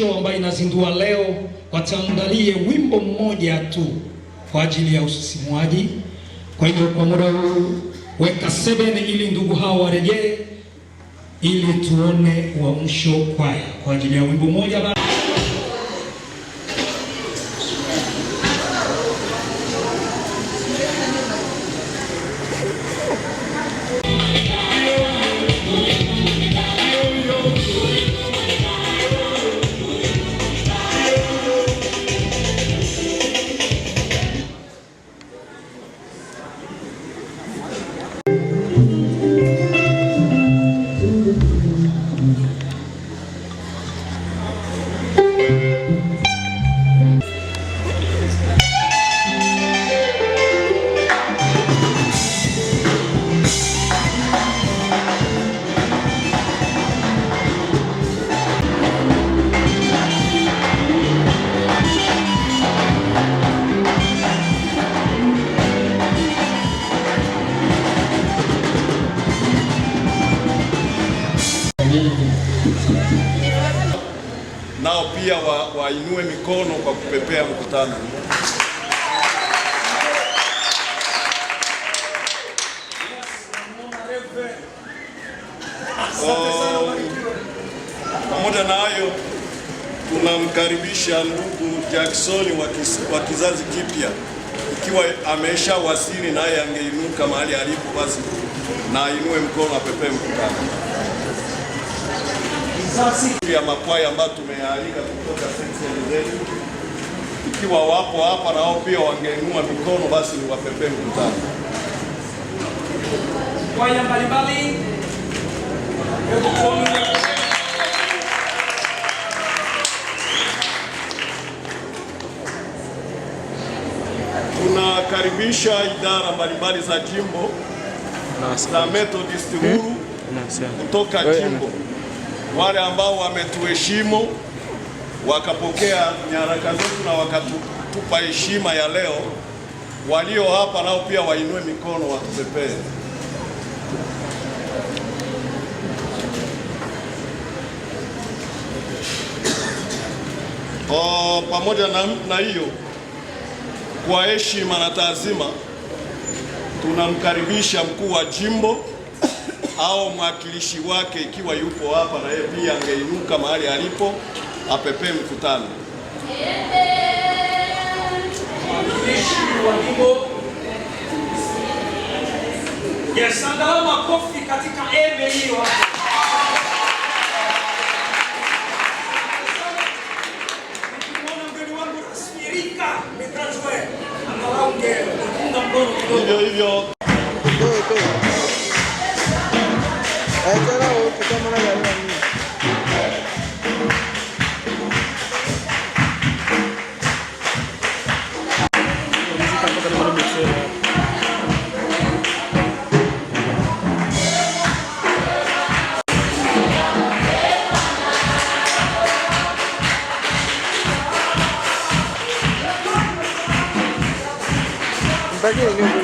show ambayo inazindua leo, wataangalie wimbo mmoja tu kwa ajili ya usisimuaji. Kwa hivyo kwa muda huu weka seven ili ndugu hao warejee, ili tuone uamsho kwaya kwa ajili ya wimbo mmoja tuinue mikono kwa kupepea mkutano. Oh, pamoja na hayo, tunamkaribisha ndugu Jackson wa kizazi kipya, ikiwa wasili naye angeinuka mahali alipo, basi na ainue mkono apepee mkutano kisasi ya makwaya ambayo tumeyaalika kutoka zetu, ikiwa wapo hapa na wao pia wangeinua mikono, basi niwapepee mkutano. Kwaya mbalimbali tunakaribisha idara mbalimbali za jimbo na Methodist huru kutoka jimbo wale ambao wametuheshimu wakapokea nyaraka zetu na wakatupa heshima ya leo. Walio hapa nao pia wainue mikono watupepee. O, pamoja na hiyo kwa heshima na taazima tunamkaribisha mkuu wa jimbo au mwakilishi wake ikiwa yupo hapa, na yeye pia angeinuka mahali alipo apepee mkutano. Yes, andaa makofi katika ebe hiyo. থাকি